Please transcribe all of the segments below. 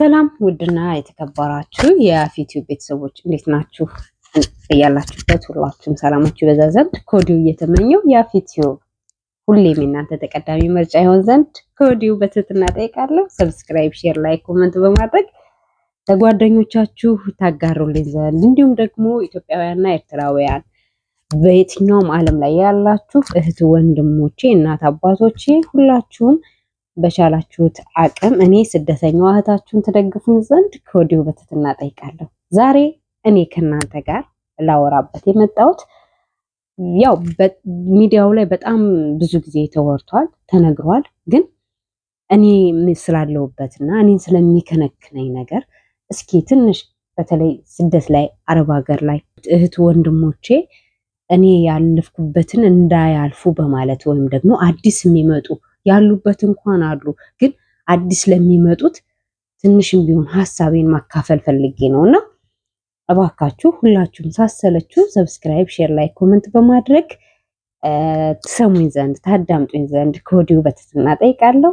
ሰላም ውድና የተከበራችሁ የፊትዩ ቤተሰቦች እንዴት ናችሁ? እያላችሁበት ሁላችሁም ሰላማችሁ ይበዛ ዘንድ ከወዲሁ እየተመኘው የአፊት ሁሌም የእናንተ ተቀዳሚ ምርጫ ይሆን ዘንድ ከወዲሁ በትህትና ጠይቃለሁ። ሰብስክራይብ፣ ሼር፣ ላይክ፣ ኮመንት በማድረግ ለጓደኞቻችሁ ታጋሩልኝ ዘንድ እንዲሁም ደግሞ ኢትዮጵያውያንና ኤርትራውያን በየትኛውም ዓለም ላይ ያላችሁ እህት ወንድሞቼ፣ እናት አባቶቼ ሁላችሁም በቻላችሁት አቅም እኔ ስደተኛዋ እህታችሁን ትደግፉን ዘንድ ከወዲሁ በትህትና ጠይቃለሁ። ዛሬ እኔ ከእናንተ ጋር ላወራበት የመጣሁት ያው ሚዲያው ላይ በጣም ብዙ ጊዜ ተወርቷል፣ ተነግሯል። ግን እኔ ስላለውበትና እኔን ስለሚከነክነኝ ነገር እስኪ ትንሽ በተለይ ስደት ላይ አረብ ሀገር ላይ እህት ወንድሞቼ እኔ ያለፍኩበትን እንዳያልፉ በማለት ወይም ደግሞ አዲስ የሚመጡ ያሉበት እንኳን አሉ። ግን አዲስ ለሚመጡት ትንሽም ቢሆን ሀሳቤን ማካፈል ፈልጌ ነው እና እባካችሁ ሁላችሁም ሳሰለችሁ ሰብስክራይብ፣ ሼር፣ ላይ ኮመንት በማድረግ ትሰሙኝ ዘንድ ታዳምጡኝ ዘንድ ከወዲሁ በትህትና ጠይቃለሁ።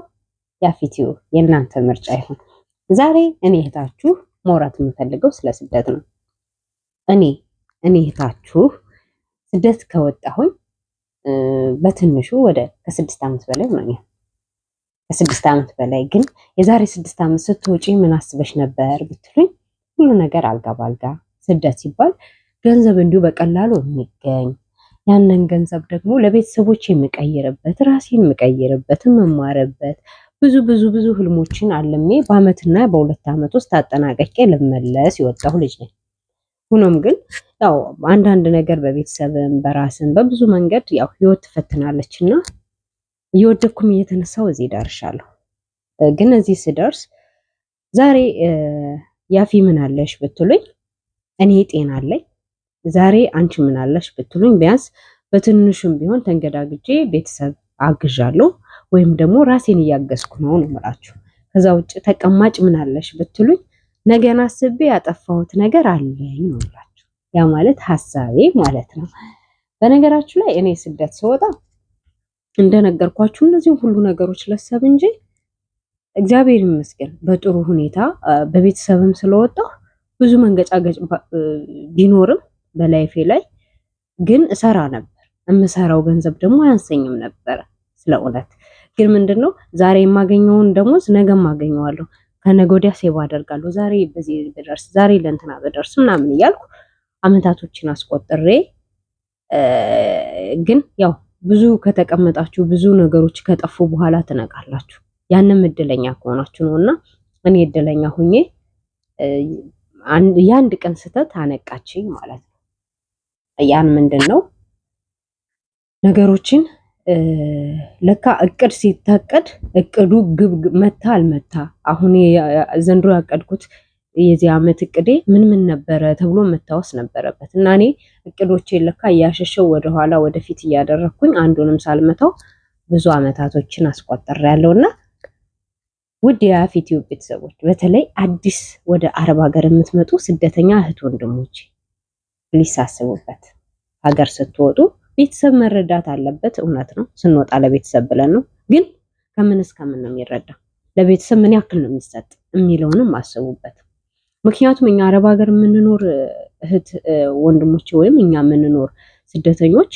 ያፊትዩ የእናንተ ምርጫ ይሁን። ዛሬ እኔ እህታችሁ መውራት የምፈልገው ስለ ስደት ነው። እኔ እኔ እህታችሁ ስደት ከወጣሁኝ በትንሹ ወደ ከስድስት ዓመት በላይ ሆኖኛል። ከስድስት ዓመት በላይ ግን የዛሬ ስድስት ዓመት ስትወጪ ምን አስበሽ ነበር ብትሉኝ ሁሉ ነገር አልጋ ባልጋ ስደት ሲባል ገንዘብ እንዲሁ በቀላሉ የሚገኝ ያንን ገንዘብ ደግሞ ለቤተሰቦች የምቀይርበት ራሴ የምቀይርበት የምማርበት ብዙ ብዙ ብዙ ህልሞችን አለሜ በአመትና በሁለት ዓመት ውስጥ አጠናቀቄ ልመለስ የወጣሁ ልጅ ነኝ። ሆኖም ግን ያው አንዳንድ ነገር በቤተሰብም በራስም በብዙ መንገድ ያው ህይወት ትፈትናለች እና እየወደኩም እየተነሳው እዚህ ደርሻለሁ። ግን እዚህ ስደርስ ዛሬ ያፊ ምን አለሽ ብትሉኝ እኔ ጤና አለኝ። ዛሬ አንቺ ምን አለሽ ብትሉኝ ቢያንስ በትንሹም ቢሆን ተንገዳግጄ ቤተሰብ አግዣለሁ ወይም ደግሞ ራሴን እያገዝኩ ነው ነው የምላችሁ። ከዛ ውጭ ተቀማጭ ምን አለሽ ብትሉኝ ነገን አስቤ ያጠፋሁት ነገር አለኝ ነው ያ ማለት ሀሳቤ ማለት ነው። በነገራችሁ ላይ እኔ ስደት ስወጣ እንደነገርኳችሁ እነዚህም ሁሉ ነገሮች ለሰብ እንጂ እግዚአብሔር ይመስገን በጥሩ ሁኔታ በቤተሰብም ስለወጣሁ ብዙ መንገጫገጭ ቢኖርም በላይፌ ላይ ግን እሰራ ነበር። የምሰራው ገንዘብ ደግሞ አያንሰኝም ነበረ ስለ እውነት ግን ምንድን ነው ዛሬ የማገኘውን ደሞዝ ነገ ማገኘዋለሁ። ከነገ ወዲያ ሴቭ አደርጋለሁ፣ ዛሬ በዚህ ብደርስ፣ ዛሬ ለእንትና ብደርስ ምናምን እያልኩ አመታቶችን አስቆጥሬ ግን ያው ብዙ ከተቀመጣችሁ ብዙ ነገሮች ከጠፉ በኋላ ትነቃላችሁ። ያንም እድለኛ ከሆናችሁ ነው። እና እኔ እድለኛ ሁኜ የአንድ ቀን ስህተት አነቃችኝ ማለት ነው። ያን ምንድን ነው ነገሮችን ለካ እቅድ ሲታቀድ እቅዱ ግብ መታ አልመታ። አሁን ዘንድሮ ያቀድኩት የዚህ ዓመት እቅዴ ምን ምን ነበረ ተብሎ መታወስ ነበረበት እና እኔ እቅዶቼ ለካ እያሸሸው ወደኋላ ወደፊት እያደረግኩኝ አንዱንም ሳልመታው ብዙ ዓመታቶችን አስቆጠር ያለው እና ውድ የአፊት ቤተሰቦች በተለይ አዲስ ወደ አረብ ሀገር የምትመጡ ስደተኛ እህት ወንድሞች ሊሳስቡበት ሀገር ስትወጡ ቤተሰብ መረዳት አለበት። እውነት ነው፣ ስንወጣ ለቤተሰብ ብለን ነው። ግን ከምን እስከምን ነው የሚረዳ? ለቤተሰብ ምን ያክል ነው የሚሰጥ የሚለውንም አስቡበት። ምክንያቱም እኛ አረብ ሀገር የምንኖር እህት ወንድሞች፣ ወይም እኛ የምንኖር ስደተኞች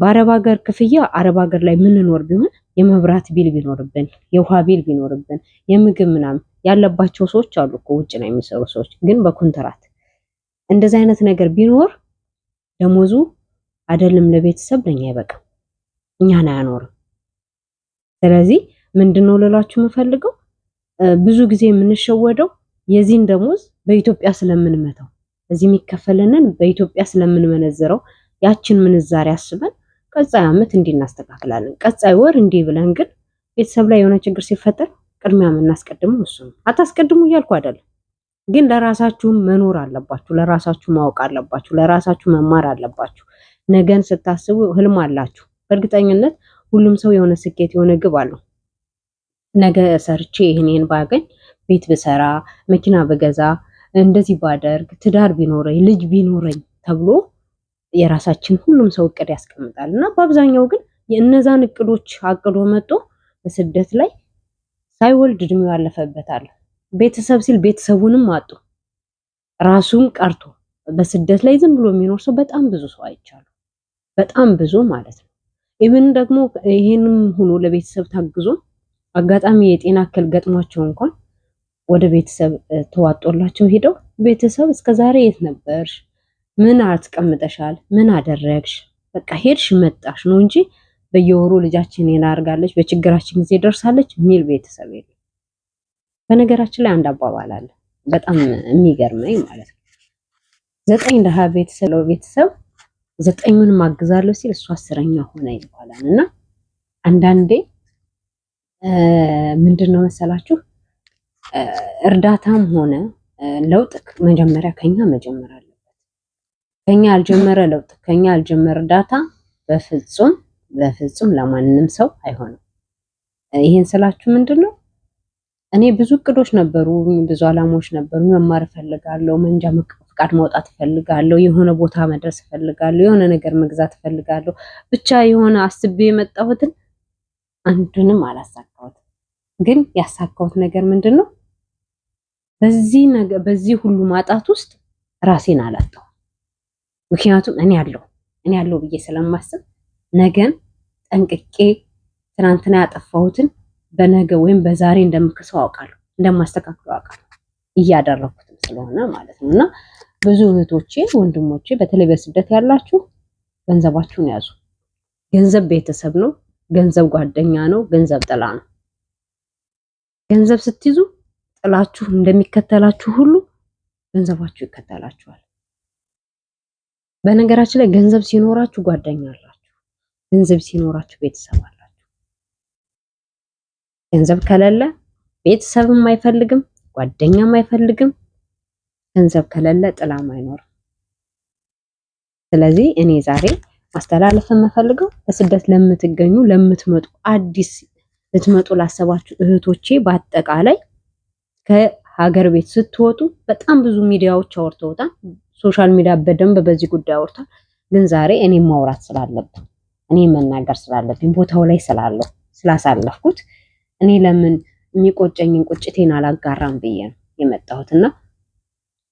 በአረብ ሀገር ክፍያ አረብ ሀገር ላይ የምንኖር ቢሆን የመብራት ቢል ቢኖርብን የውሃ ቢል ቢኖርብን የምግብ ምናምን ያለባቸው ሰዎች አሉ እኮ ውጭ ነው የሚሰሩ ሰዎች ግን በኮንትራት እንደዚህ አይነት ነገር ቢኖር ደሞዙ አይደለም ለቤተሰብ ለኛ አይበቃም፣ እኛን አያኖርም። ስለዚህ ምንድነው ልላችሁ የምፈልገው ብዙ ጊዜ የምንሸወደው የዚህን ደሞዝ በኢትዮጵያ ስለምንመታው እዚህ የሚከፈልንን በኢትዮጵያ ስለምንመነዝረው ያችን ምንዛሬ አስበን ቀጻይ አመት እንዲህ እናስተካክላለን፣ ቀጻይ ወር እንዲህ ብለን ግን ቤተሰብ ላይ የሆነ ችግር ሲፈጠር ቅድሚያ የምናስቀድመው እሱ ነው። አታስቀድሙ እያልኩ አይደለም፣ ግን ለራሳችሁ መኖር አለባችሁ፣ ለራሳችሁ ማወቅ አለባችሁ፣ ለራሳችሁ መማር አለባችሁ። ነገን ስታስቡ ህልም አላችሁ። በእርግጠኝነት ሁሉም ሰው የሆነ ስኬት የሆነ ግብ አለው። ነገ ሰርቼ ይህን ባገኝ፣ ቤት ብሰራ፣ መኪና ብገዛ፣ እንደዚህ ባደርግ፣ ትዳር ቢኖረኝ፣ ልጅ ቢኖረኝ ተብሎ የራሳችን ሁሉም ሰው እቅድ ያስቀምጣል እና በአብዛኛው ግን የእነዛን እቅዶች አቅዶ መጦ በስደት ላይ ሳይወልድ እድሜው ያለፈበታል። ቤተሰብ ሲል ቤተሰቡንም አጡ ራሱም ቀርቶ በስደት ላይ ዝም ብሎ የሚኖር ሰው በጣም ብዙ ሰው አይቻሉ። በጣም ብዙ ማለት ነው። ይህን ደግሞ ይሄንም ሆኖ ለቤተሰብ ታግዞ አጋጣሚ የጤና እክል ገጥሟቸው እንኳን ወደ ቤተሰብ ተዋጦላቸው ሄደው ቤተሰብ እስከ ዛሬ የት ነበርሽ? ምን አትቀምጠሻል ምን አደረግሽ? በቃ ሄድሽ መጣሽ ነው እንጂ በየወሩ ልጃችን ይናርጋለች፣ በችግራችን ጊዜ ደርሳለች የሚል ቤተሰብ የለ። በነገራችን ላይ አንድ አባባል አለ፣ በጣም የሚገርመኝ ማለት ነው። ዘጠኝ ደሃ ቤተሰብ ዘጠኙን ማግዛለሁ ሲል እሱ አስረኛ ሆነ ይባላል። እና አንዳንዴ ምንድን ነው መሰላችሁ እርዳታም ሆነ ለውጥ መጀመሪያ ከኛ መጀመር አለበት። ከኛ ያልጀመረ ለውጥ፣ ከኛ ያልጀመረ እርዳታ በፍጹም በፍጹም ለማንም ሰው አይሆንም። ይህን ስላችሁ ምንድን ነው እኔ ብዙ እቅዶች ነበሩ፣ ብዙ አላማዎች ነበሩ። መማር እፈልጋለሁ፣ መንጃ መቀ ፍቃድ ማውጣት እፈልጋለሁ፣ የሆነ ቦታ መድረስ እፈልጋለሁ፣ የሆነ ነገር መግዛት እፈልጋለሁ። ብቻ የሆነ አስቤ የመጣሁትን አንዱንም አላሳካሁትም። ግን ያሳካሁት ነገር ምንድን ነው? በዚህ ነገር በዚህ ሁሉ ማጣት ውስጥ ራሴን አላጣሁ። ምክንያቱም እኔ አለሁ እኔ አለሁ ብዬ ስለማስብ ነገን ጠንቅቄ ትናንትና ያጠፋሁትን በነገ ወይም በዛሬ እንደምክሰው አውቃለሁ፣ እንደማስተካክለው አውቃለሁ። እያደረኩትም ስለሆነ ማለት ነው እና ብዙ እህቶቼ ወንድሞቼ፣ በተለይ በስደት ያላችሁ ገንዘባችሁን ያዙ። ገንዘብ ቤተሰብ ነው። ገንዘብ ጓደኛ ነው። ገንዘብ ጥላ ነው። ገንዘብ ስትይዙ ጥላችሁ እንደሚከተላችሁ ሁሉ ገንዘባችሁ ይከተላችኋል። በነገራችን ላይ ገንዘብ ሲኖራችሁ ጓደኛ አላችሁ፣ ገንዘብ ሲኖራችሁ ቤተሰብ አላችሁ። ገንዘብ ከሌለ ቤተሰብም አይፈልግም፣ ጓደኛም አይፈልግም፣ ገንዘብ ከሌለ ጥላም አይኖርም። ስለዚህ እኔ ዛሬ ማስተላለፍ የምፈልገው በስደት ለምትገኙ ለምትመጡ አዲስ ልትመጡ ላሰባችሁ እህቶቼ በአጠቃላይ ከሀገር ቤት ስትወጡ በጣም ብዙ ሚዲያዎች አውርተውታል። ሶሻል ሚዲያ በደንብ በዚህ ጉዳይ አውርቷል። ግን ዛሬ እኔ ማውራት ስላለብኝ እኔ መናገር ስላለብኝ ቦታው ላይ ስላለሁ ስላሳለፍኩት እኔ ለምን የሚቆጨኝን ቁጭቴን አላጋራም ብዬ ነው የመጣሁት እና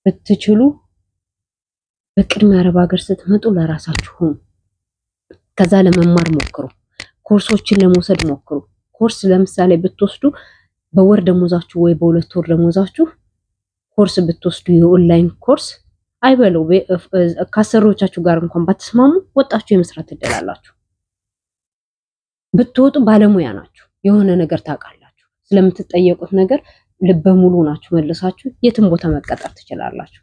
ብትችሉ በቅድሚያ አረብ ሀገር ስትመጡ ለራሳችሁ ሁኑ። ከዛ ለመማር ሞክሩ። ኮርሶችን ለመውሰድ ሞክሩ። ኮርስ ለምሳሌ ብትወስዱ በወር ደሞዛችሁ ወይ በሁለት ወር ደሞዛችሁ ኮርስ ብትወስዱ የኦንላይን ኮርስ አይበለው ከአሰሪዎቻችሁ ጋር እንኳን ባትስማሙ ወጣችሁ የመስራት ትደላላችሁ። ብትወጡ ባለሙያ ናችሁ። የሆነ ነገር ታውቃላችሁ። ስለምትጠየቁት ነገር ልበ ሙሉ ናችሁ መልሳችሁ የትም ቦታ መቀጠር ትችላላችሁ።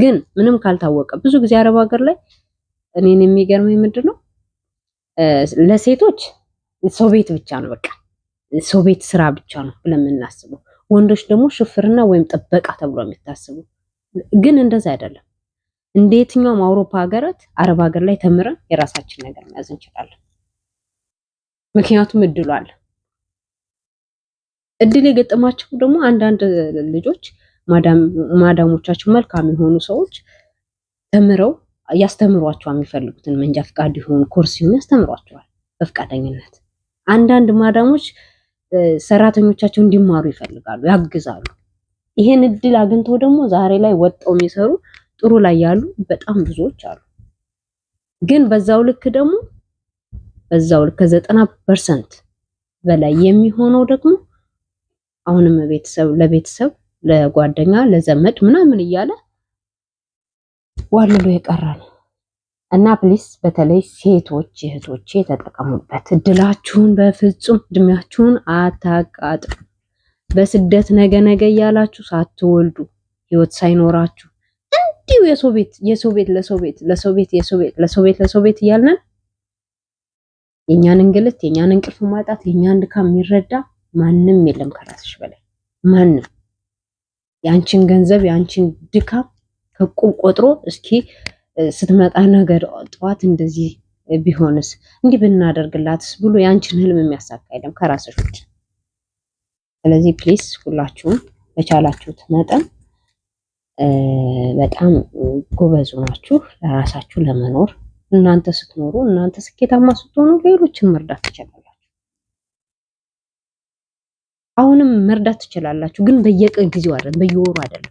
ግን ምንም ካልታወቀ ብዙ ጊዜ አረብ ሀገር ላይ እኔን የሚገርመኝ ምንድን ነው ለሴቶች ሰው ቤት ብቻ ነው በቃ ሰው ቤት ስራ ብቻ ነው ብለን የምናስበው፣ ወንዶች ደግሞ ሹፍርና ወይም ጥበቃ ተብሎ የሚታስቡ ግን እንደዛ አይደለም። እንደ የትኛውም አውሮፓ ሀገራት አረብ ሀገር ላይ ተምረን የራሳችን ነገር መያዝ እንችላለን። ምክንያቱም እድሉ አለ። እድል የገጠማቸው ደግሞ አንዳንድ ልጆች ማዳሞቻቸው መልካም የሆኑ ሰዎች ተምረው ያስተምሯቸው የሚፈልጉትን መንጃ ፍቃድ ይሁን ኮርስ ይሁን ያስተምሯቸዋል በፍቃደኝነት። አንዳንድ ማዳሞች ሰራተኞቻቸው እንዲማሩ ይፈልጋሉ፣ ያግዛሉ። ይሄን እድል አግኝተው ደግሞ ዛሬ ላይ ወጠው የሚሰሩ ጥሩ ላይ ያሉ በጣም ብዙዎች አሉ። ግን በዛው ልክ ደግሞ በዛው ልክ ከዘጠና ፐርሰንት በላይ የሚሆነው ደግሞ አሁንም ቤተሰብ ለቤተሰብ ለጓደኛ ለዘመድ ምናምን እያለ ዋልሎ የቀረ ነው እና ፕሊስ በተለይ ሴቶች እህቶቼ ተጠቀሙበት። እድላችሁን በፍጹም እድሜያችሁን አታቃጥሩ በስደት ነገ ነገ እያላችሁ ሳትወልዱ ህይወት ሳይኖራችሁ እንዲሁ የሰው ቤት የሰው ቤት ለሰው ቤት ለሰው ቤት የሰው ቤት ለሰው ቤት ለሰው ቤት እያልን የእኛን እንግልት የእኛን እንቅልፍ ማጣት የእኛን ድካም የሚረዳ ማንም የለም ከራስሽ በላይ ማንም። የአንቺን ገንዘብ የአንቺን ድካም ከቁብ ቆጥሮ እስኪ ስትመጣ ነገር ጠዋት እንደዚህ ቢሆንስ እንዲህ ብናደርግላትስ ብሎ የአንቺን ህልም የሚያሳካ የለም ከራስሽ ውጭ። ስለዚህ ፕሊስ ሁላችሁም በቻላችሁት መጠን በጣም ጎበዙ ናችሁ ለራሳችሁ ለመኖር እናንተ ስትኖሩ እናንተ ስኬታማ ስትሆኑ ሌሎችን መርዳት ይቻላል። አሁንም መርዳት ትችላላችሁ፣ ግን በየቀን ጊዜው አይደለም፣ በየወሩ አይደለም።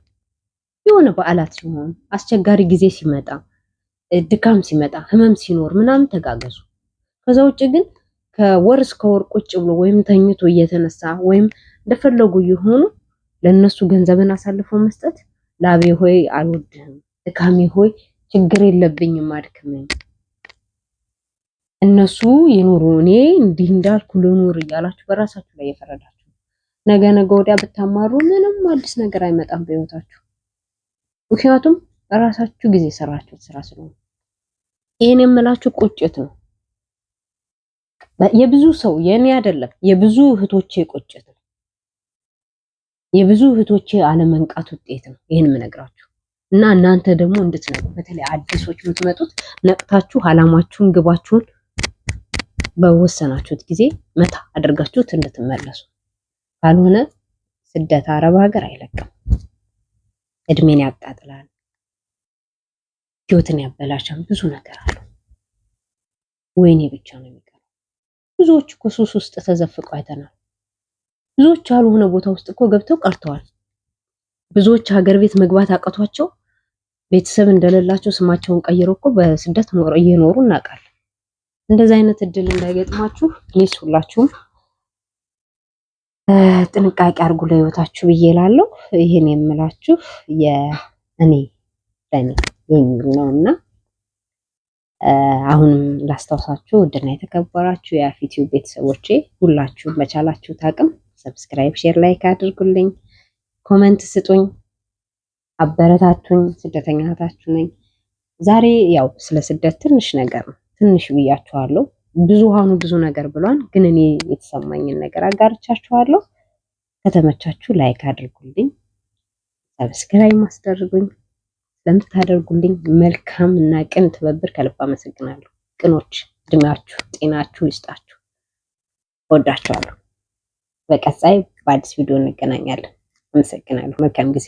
የሆነ በዓላት ሲሆን፣ አስቸጋሪ ጊዜ ሲመጣ፣ ድካም ሲመጣ፣ ህመም ሲኖር ምናምን ተጋገዙ። ከዛ ውጭ ግን ከወር እስከ ወር ቁጭ ብሎ ወይም ተኝቶ እየተነሳ ወይም እንደፈለጉ የሆኑ ለእነሱ ገንዘብን አሳልፎ መስጠት ላቤ ሆይ አልወድህም፣ ድካሜ ሆይ ችግር የለብኝም አድክመኝ፣ እነሱ ይኑሩ እኔ እንዲህ እንዳልኩ ልኑር እያላችሁ በራሳችሁ ላይ የፈረዳል። ነገ ነገ ወዲያ ብታማሩ ምንም አዲስ ነገር አይመጣም በህይወታችሁ። ምክንያቱም በራሳችሁ ጊዜ የሰራችሁት ስራ ስለሆነ ይህን የምላችሁ ቁጭት ነው። የብዙ ሰው የእኔ አይደለም፣ የብዙ እህቶቼ ቁጭት ነው። የብዙ እህቶቼ አለመንቃት ውጤት ነው ይህን የምነግራችሁ እና እናንተ ደግሞ እንድትነቁ በተለይ አዲሶች የምትመጡት ነቅታችሁ አላማችሁን ግባችሁን በወሰናችሁት ጊዜ መታ አድርጋችሁት እንድትመለሱ ካልሆነ ስደት አረብ ሀገር አይለቅም። እድሜን ያቃጥላል፣ ህይወትን ያበላሻል፣ ብዙ ነገር አለው። ወይኔ ብቻ ነው የሚቀረው። ብዙዎች እኮ ሱስ ውስጥ ተዘፍቀው አይተናል። ብዙዎች ያልሆነ ቦታ ውስጥ እኮ ገብተው ቀርተዋል። ብዙዎች ሀገር ቤት መግባት አቅቷቸው ቤተሰብ እንደሌላቸው ስማቸውን ቀይሮ እኮ በስደት እየኖሩ እናውቃለን። እንደዚህ አይነት እድል እንዳይገጥማችሁ ፕሊስ ሁላችሁም ጥንቃቄ አድርጉ ለህይወታችሁ ብዬ እላለሁ። ይህን የምላችሁ የእኔ ለእኔ የሚል ነው እና አሁንም ላስታውሳችሁ ውድና የተከበራችሁ የአፊትዩ ቤተሰቦቼ ሁላችሁም በቻላችሁት አቅም ሰብስክራይብ፣ ሼር፣ ላይክ አድርጉልኝ፣ ኮመንት ስጡኝ፣ አበረታቱኝ። ስደተኛታችሁ ነኝ። ዛሬ ያው ስለ ስደት ትንሽ ነገር ነው ትንሽ ብያችኋለሁ። ብዙሃኑ ብዙ ነገር ብሏን፣ ግን እኔ የተሰማኝን ነገር አጋርቻችኋለሁ። ከተመቻችሁ ላይክ አድርጉልኝ፣ ሰብስክራይብ ማስደርጉኝ። ለምታደርጉልኝ መልካም እና ቅን ትብብር ከልብ አመሰግናለሁ። ቅኖች እድሜያችሁ ጤናችሁ ይስጣችሁ። ወዳችኋለሁ። በቀጣይ በአዲስ ቪዲዮ እንገናኛለን። አመሰግናለሁ። መልካም ጊዜ